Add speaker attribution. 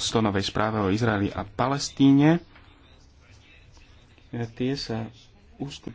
Speaker 1: Stonovej správe o Izraeli a Palestíne.
Speaker 2: Tie sa